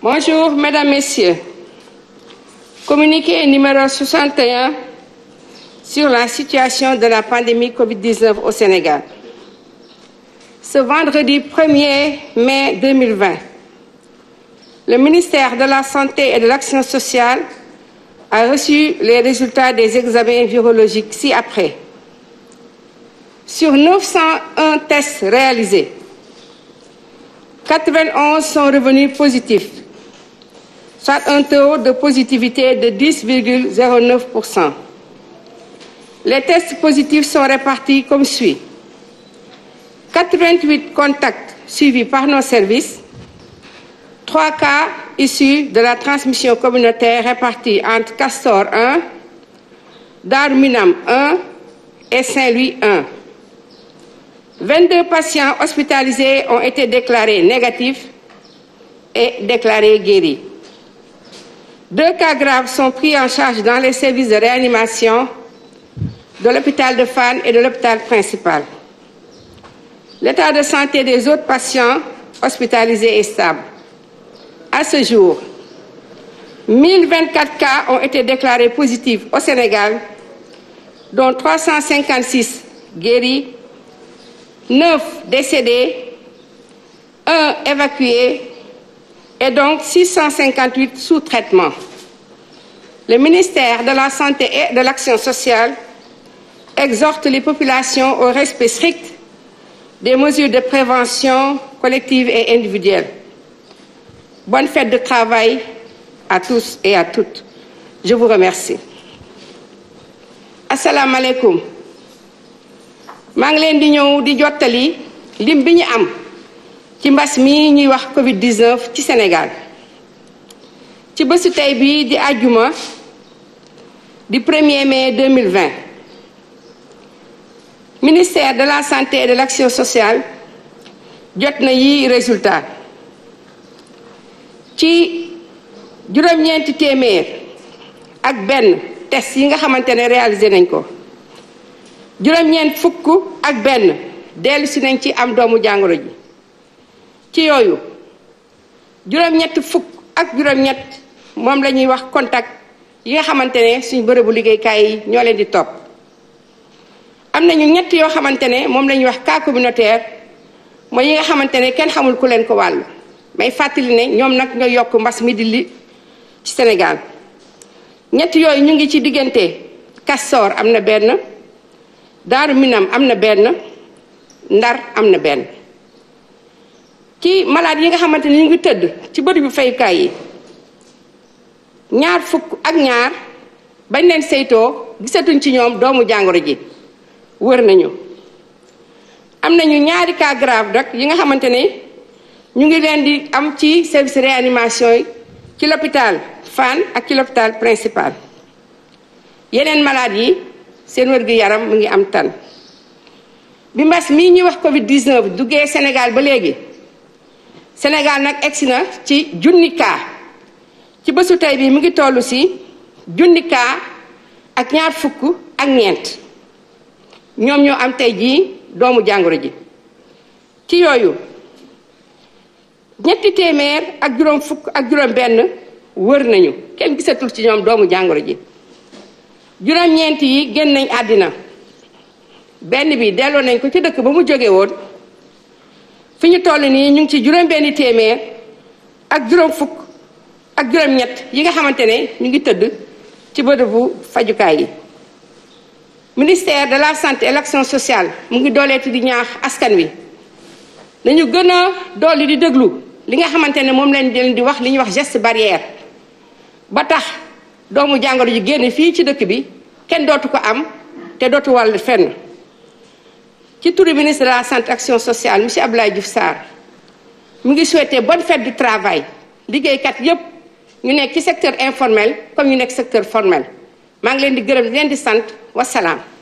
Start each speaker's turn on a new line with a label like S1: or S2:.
S1: Bonjour, Mesdames, Messieurs. Communiqué numéro 61 sur la situation de la pandémie COVID-19 au Sénégal. Ce vendredi 1er mai 2020, le ministère de la Santé et de l'Action sociale a les résultats des examens virologiques ci-après. Sur 901 tests réalisés, 91 sont revenus positifs soit un taux de positivité de 10,09 pour cent. Les tests positifs sont répartis comme suit. 88 contacts suivis par nos services, 3 cas de la transmission communautaire répartis entre Castor 1, Darou Minam 1 et Saint-Louis 1. 22 patients hospitalisés ont été déclarés négatifs et déclarés guéris. Deux cas graves sont pris en charge dans les services de réanimation et de l'hôpital principal. de santé des autres patients hospitalisés est À ce jour, 1024 cas ont été déclarés positifs au Sénégal, dont 356 guéris, 9 décédés, 1 évacué et donc 658 sous-traitements. Le ministère de la Santé et de l'Action sociale exhorte les populations au respect strict des mesures de prévention collective et individuelle. Bonne fête de travail à tous et à maa ngi leen di ñëw di jottali lim bi ñu am. ci mbas mi ñuy wax Covid ci Sénégal ci bésu tey bii di àjjuma di 1er mai 2020 ministère de la santé et de l'action sociale jot na yi résultat ci juróom-ñeenti téeméer ak benn test yi nga xamante ne réalisé nañ ko juróom-ñeent fukk ak benn dellu si nañ ci am doomu jàngoro ji ci yooyu juróom-ñett fukk ak juróom-ñett moom la ñuy wax contact yi nga xamante ne suñ bërëbu liggéeykaay yi ñoo leen di topp am nañu ñett yoo xamante ne moom lañuy wax cas communautaire mooy yi nga xamante ne kenn xamul ku leen ko wàll may fàttali ne ñoom nag nga yokk mbas mi di li ci Sénégal ñett yooyu ñu ngi ci diggante Castor am na benn Daaru Minam am na benn Ndar am na benn ci malaat yi nga xamante ni ñu ngi tëdd ci bëri bu fayukaay yi ñaar fukk ak ñaar bañ leen saytoo gisatuñ ci ñoom doomu jàngoro ji wër nañu am nañu ñaari cas grave rek yi nga xamante ne ñu ngi leen di am ci service réanimation yi ci l'hôpital Fann ak ci l'hôpital principal yeneen malaat yi seen wér gu yaram mu ngi am tan bi mbas mii ñuy wax covid 19 duggee Sénégal ba léegi senegaal nag egsi na ci junni cas ci bésu tey bii mu ngi tollu ci junni cas ak ñaar fukk ak ñeent ñoom ñoo am tey jii doomu jàngoro ji ci yooyu ñetti téeméer ak juróom fukk ak juróom benn wër nañu kenn gisatul ci ñoom doomu jàngoro ji juróom-ñeent yi génn nañ àddina benn bi delloo nañ ko ci dëkk ba mu jóge woon fi ñu toll nii ñu ngi ci juróom-benni téeméer ak juróom fukk ak juróom-ñett yi nga xamante ne ñu ngi tëdd ci bërëbu fajukaay yi. ministère de la santé et l'action sociale mu ngi dooleeti di ñaax askan wi nañu gën a dolli di déglu li nga xamante ne moom lañ leen di wax li ñuy wax geste barrière ba tax doomu jàngoro ji génn fii ci dëkk bi kenn dootu ko am te dootu wàll fenn. ci turu ministre de la santé action sociale monsieur Abdoulaye Diouf Sarr mu ngi souhaité bonne fête du travail liggéeykat yépp ñu nekk ci secteur informel comme ñu nekk secteur formel maa ngi leen di gërëm leen di sant wasalaam.